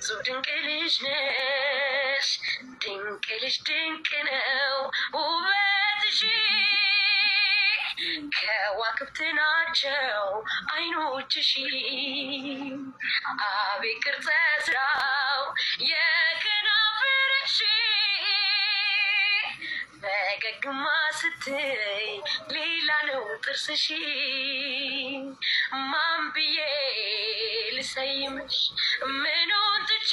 zu dinkel ich nicht, dinkel ich denke now, wo wird ich hin? Kehr wach auf den Arschel, ein Hutsch ich hin. Aber ich erzähl's rau, jäken auf ihr Schien. ፈገግማ ስትይ ሌላ ነው ጥርስሽ። ማን ብዬ ልሰይምሽ? ምኑን ትቼ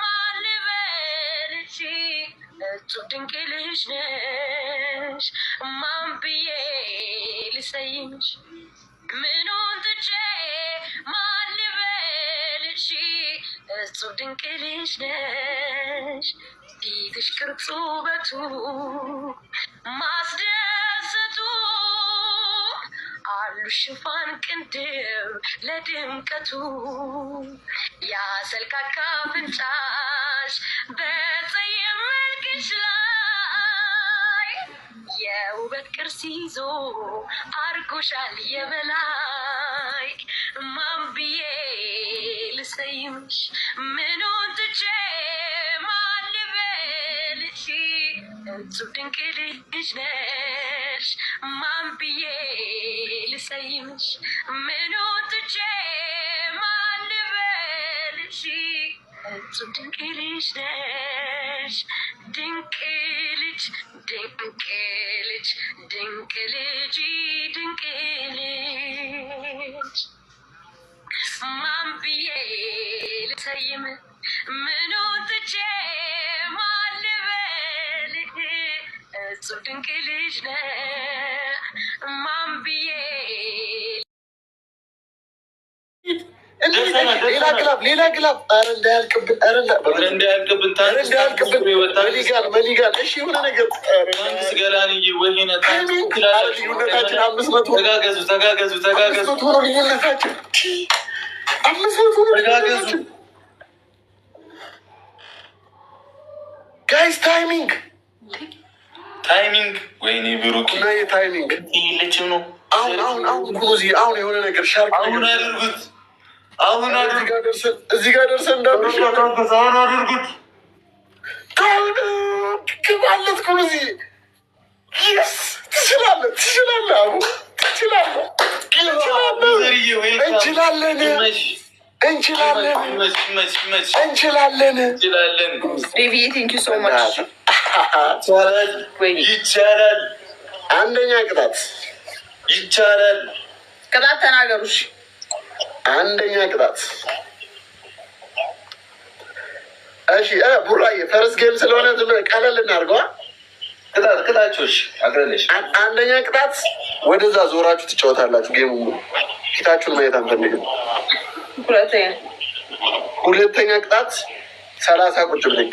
ማን ልበልሽ? እጹብ ድንቅ ልጅ ነሽ። ማን ብዬ ልሰይምሽ? ምኑን ትቼ ማን ልበልሽ? እጹብ ድንቅ ልጅ ነሽ ፊትሽ ቅርጹ ውበቱ ማስደሰቱ አሉ ሽፋን ቅንድብ ለድምቀቱ ያሰልካካ ፍንጫሽ በጸየም መልክሽ ላይ የውበት ቅርስ ይዞ አርጎሻል የበላይ ማን ብዬ ልሰይምሽ ምኑን ትቼ ድንቅ ልጅ ነሽ፣ ማን ብዬ ልሰይምሽ? ምን ወጥቼ ማን ልበልሽ? ድንቅ ልጅ ነሽ፣ ድንቅ ልጅ፣ ድንቅ ልጅ፣ ድንቅ ልጅ፣ ድንቅ ልጅ፣ ማን ብዬ ልሰይም? ምን ወጥቼ ፍጹም ድንቅ ልጅ ነህ እማም ብዬ ሌላ ግላብ ሌላ ግላብ ኧረ እንዳያልቅብን መሊጋል እሺ የሆነ ነገር ልዩነታችን አምስት መቶ ተጋገዙ ተጋገዙ ተጋገዙ ሆኖ ልዩነታችን አምስት መቶ ተጋገዙ ጋይስ ታይሚንግ ታይሚንግ ወይኔ ብሩክ ታይሚንግ ይለችም ነው። አሁን አሁን አሁን ኩዚ አሁን የሆነ ነገር ሻርክ አሁን አድርጉት፣ አሁን እዚህ ጋር ደርሰን እንዳሁን አድርጉት ግባለት ኩዚ ስ ትችላለ ትችላለ አሁ ትችላለህ፣ እንችላለን፣ እንችላለን፣ እንችላለን። ቤቢዬ ቴንኪው ሶ ማች ይቻላል። አንደኛ ቅጣት ይቻላል። ቅጣት ተናገሩ። አንደኛ ቅጣት እሺ፣ ቡራዬ ፈረስ ጌም ስለሆነ ቀለል እናድርገዋ። ቅጣት ቅጣቾች አግረለሽ አንደኛ ቅጣት ወደዛ ዞራችሁ ትጫወታላችሁ። ጌሙ ፊታችሁን ማየት አንፈልግም። ሁለተኛ ቅጣት ሰላሳ ቁጭ ብድግ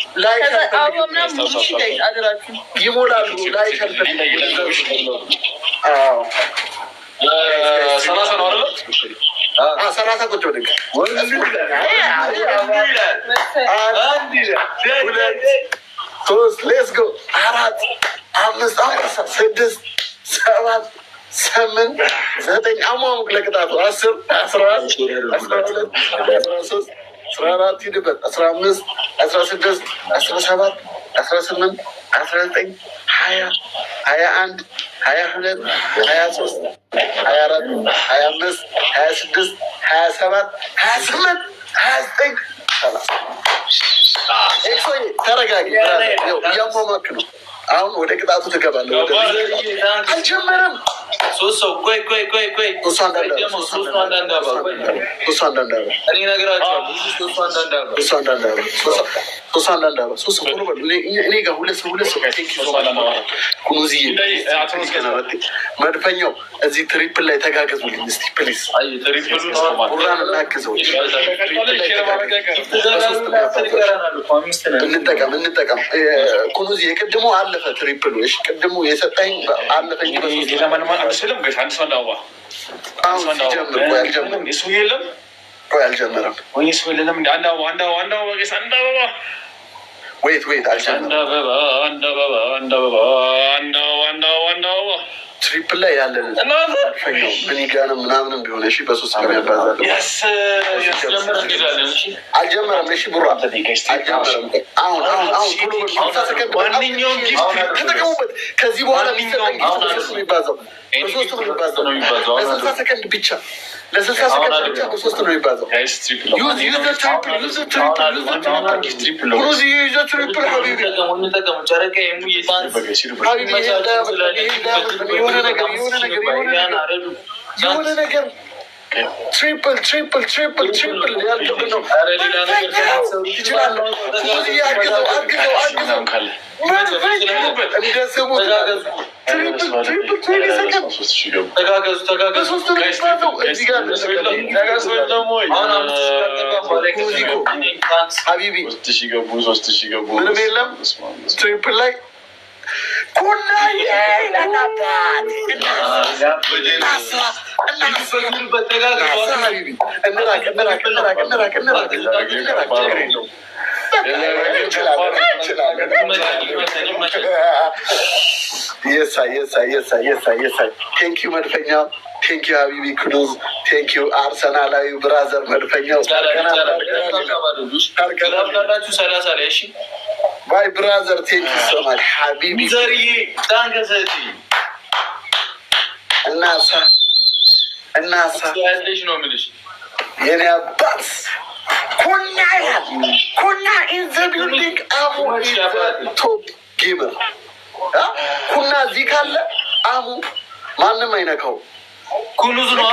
ይሞላሉ ሰላሳ ነው አይደል? ሰላሳ አራት አምስት ስድስት ሰባት ስምንት ዘጠኝ አሟሙቅ ለቅጣቱ አስር አስራ አንድ አስራ ሁለት አስራ ሶስት አስራ አራት ሂድበት፣ አስራ አምስት አስራ ስድስት አስራ ሰባት አስራ ስምንት አስራ ዘጠኝ ሀያ ሀያ አንድ ሀያ ሁለት ሀያ ሶስት ሀያ አራት ሀያ አምስት ሀያ ስድስት ሀያ ሰባት ሀያ ስምንት ሀያ ዘጠኝ ተረጋጊ። እያሟሟክ ነው። አሁን ወደ ቅጣቱ ትገባለህ። ወደ አልጀመረም ሶስት ሰው ቆይ ቆይ ቆይ ቆይ መድፈኛው እዚህ ትሪፕል ላይ ተጋገዙልኝ እስኪ ፕሊዝ። ቡራን እንጠቀም አለፈ ትሪፕሉ። የሰጠኝ አለፈኝ አልችልም። ጋሽ አንድ ሰው እንዳዋ የሱ የለም ቆይ አልጀመረም ወይ የሱ የለም። እንደ አንድ አበባ አንድ አበባ አንድ አበባ ቄስ አንድ አበባ ወይት ወይት አልጀመረም። አንድ አበባ አንድ አበባ አንድ አበባ አንድ አበባ አንድ አበባ ትሪፕል ላይ ያለን ብኒጋንም ምናምንም ቢሆን እሺ፣ በሶስት ቀን uh, አልጀመረም። እሺ፣ ከዚህ በኋላ ብቻ፣ ለስልሳ ሰከንድ ብቻ በሶስት ነው የሚባዛው። የሆነ ነገር የሆነ ነገር የሆነ ነገር ትሪፕል ትሪፕል ትሪፕል ትሪፕል ያልክብን ነው ይችላል። አግዘው አግዘው አግዘው እንደስሙት ምንም የለም ትሪፕል ላይ ቴንኪዩ መድፈኛ፣ ቴንኪዩ ሀቢቢ ክዱዝ፣ ቴንኪዩ አርሰናላዊ ብራዘር መድፈኛው ሰላሳ ላይ እሺ ማይ ብራዘር ቴንክ ይሰማል ሀቢቢ ዘርዬ ዳንከሰቲ እናሳ እናሳ ያለሽ ነው የምልሽ የኔ አባት ኩና ያል ኩና ኢንዘ ቢልዲንግ አሙ ቶፕ ጌመር ኩና እዚህ ካለ አሙ ማንም አይነካው። ኩኑዝ ነዋ።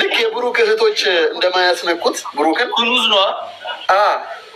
ልክ የብሩክ እህቶች እንደማያስነኩት ብሩክን ኩኑዝ ነዋ።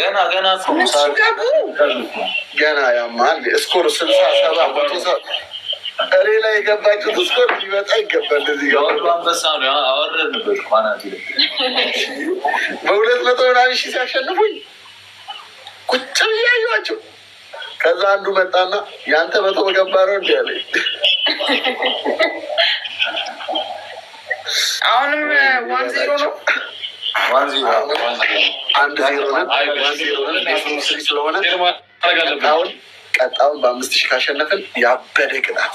ገና ገና ገና ያማል ስኮር ስልሳ ሰባ እሬ ላይ የገባችሁት ስኮር ሊመጣ ይገባል። እዚህ አንበሳ ነው አወረንበት ማናት በሁለት መቶ ምናምን ሺ ሲያሸንፉኝ ቁጭ ብያዩቸው ከዛ አንዱ መጣና የአንተ መቶ ገባ ነው እንዲ ያለ አሁንም ዋን uh, ዜሮ ነው ቀጣውን በአምስት ሺህ ካሸነፍን ያበደ ቅጣት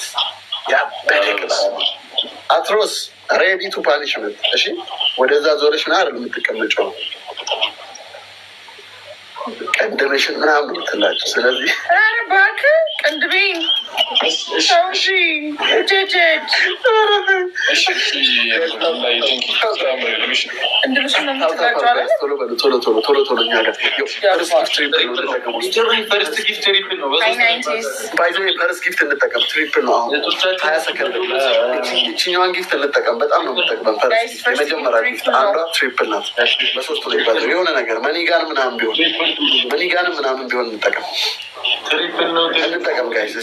ያበደ ቅጣት። አትሮስ ሬዲ ቱ ፓኒሽመንት። እሺ ወደዛ ዞረሽ ና አይደል የምትቀመጨው ቀንድምሽን ምናምን ትላቸው። ስለዚህ ባክ ቅንድቤ ፐርስ ጊፍት እንጠቀም። ትሪፕል ነው። አሁን ሀያ ሰከንድ ጊፍት እንጠቀም። በጣም ነው የምጠቅመን። ፐርስ የመጀመሪያ አንዷ ትሪፕል ናት። በሶስቱ ላይ የሆነ ነገር መኒጋን ምናምን ቢሆን መኒጋን ምናምን ቢሆን እንጠቀም እንጠቀም ጋይስ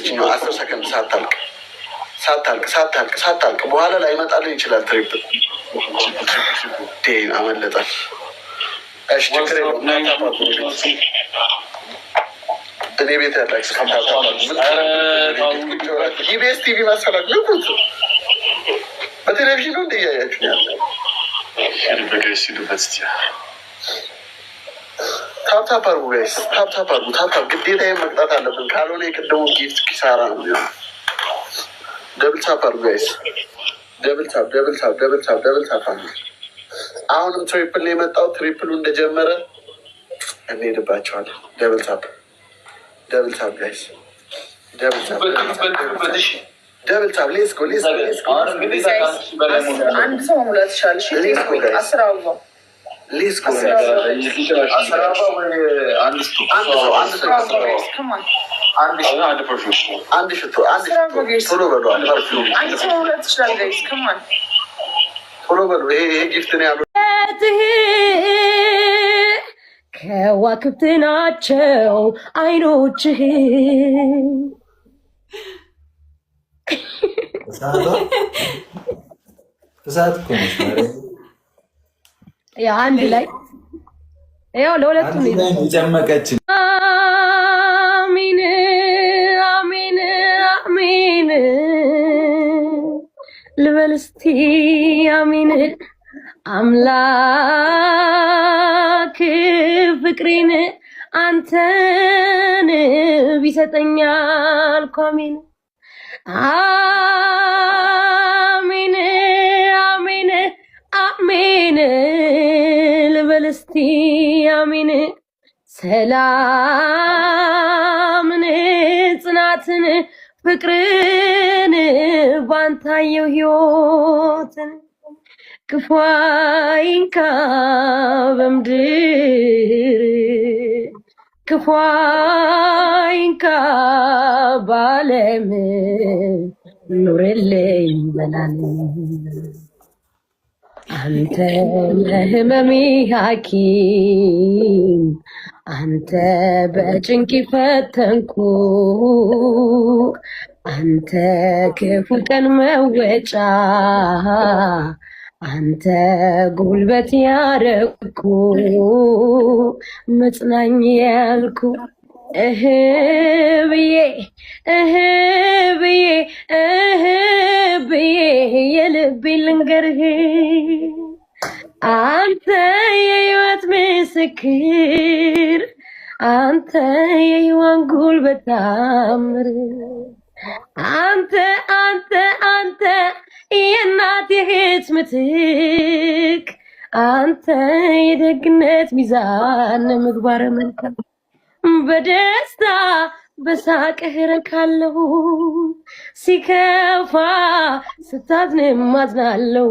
ነው ሰከንድ ሳታልቅ ሳታልቅ ሳታልቅ ሳታልቅ በኋላ ላይ ይመጣልን ይችላል። ትሪፕ ዴን አመለጠን። እሺ ችግር የለውም። እኔ ቤት ያላችሁ ኢቢኤስ ቲቪ መሰራት ልኩት በቴሌቪዥኑ እንደያያችሁ ያለ ታፕታፕ አርጉ ጋይስ፣ ታፕታፕ አርጉ። ታፕታፕ ግዴታ መቅጣት አለብን፣ ካልሆነ የቅድሙ ጊፍት ኪሳራ ነው ደብል ታፕ አርጉ ጋይስ፣ ደብል ታፕ፣ ደብል ታፕ፣ ደብል ታፕ፣ ደብል ታፕ። አሁንም ትሪፕል የመጣው። ትሪፕሉ እንደጀመረ እንሄድባቸዋለን። ደብል ታፕ፣ ደብል ታፕ ጋይስ፣ ደብል ታፕ፣ ደብል ታፕ። ሌስ ጎ ሌስ አንድ ሰው ሙላት ይሻል። እሺ ሌስ ጎ ጋይስ ሊዝ ከዋክብት ናቸው አይኖችህ። እሳት እኮ ነች። አንድ ላይ ያው ለሁለቱም ጨመቀች። አሚን አሚን አሚን ልበል እስቲ አሚን አምላክ ፍቅሬን አንተን ቢሰጠኛል ኳሚን አሚን አሜን ልበል እስቲ አሜን። ሰላምን ጽናትን ፍቅርን ባንታየው ህይወትን ክፉ አይንካ በምድር ክፉ አይንካ ባለም ኑርልኝ በላል አንተ የህመሜ ሐኪም አንተ በጭንቅ ፈተንኩ አንተ ክፉ ቀን መወጫ አንተ ጉልበት ያረኩ መጽናኝ ያልኩ እህ ብዬ እህ ብዬ እህ ብዬ የልቤ ልንገርህ አንተ የህይወት ምስክር አንተ የህይወት ጉልበት ታምር አንተ አንተ አንተ የእናት የህት ምትክ አንተ የደግነት ሚዛን ምግባር መልካም በደስታ በሳቅ ረካለሁ ሲከፋ ስታዝን ማዝናለሁ።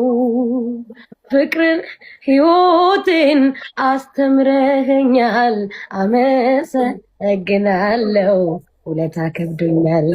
ፍቅርን ህይወትን አስተምረኸኛል፣ አመሰግናለሁ። ውለታ ከብዶኛል።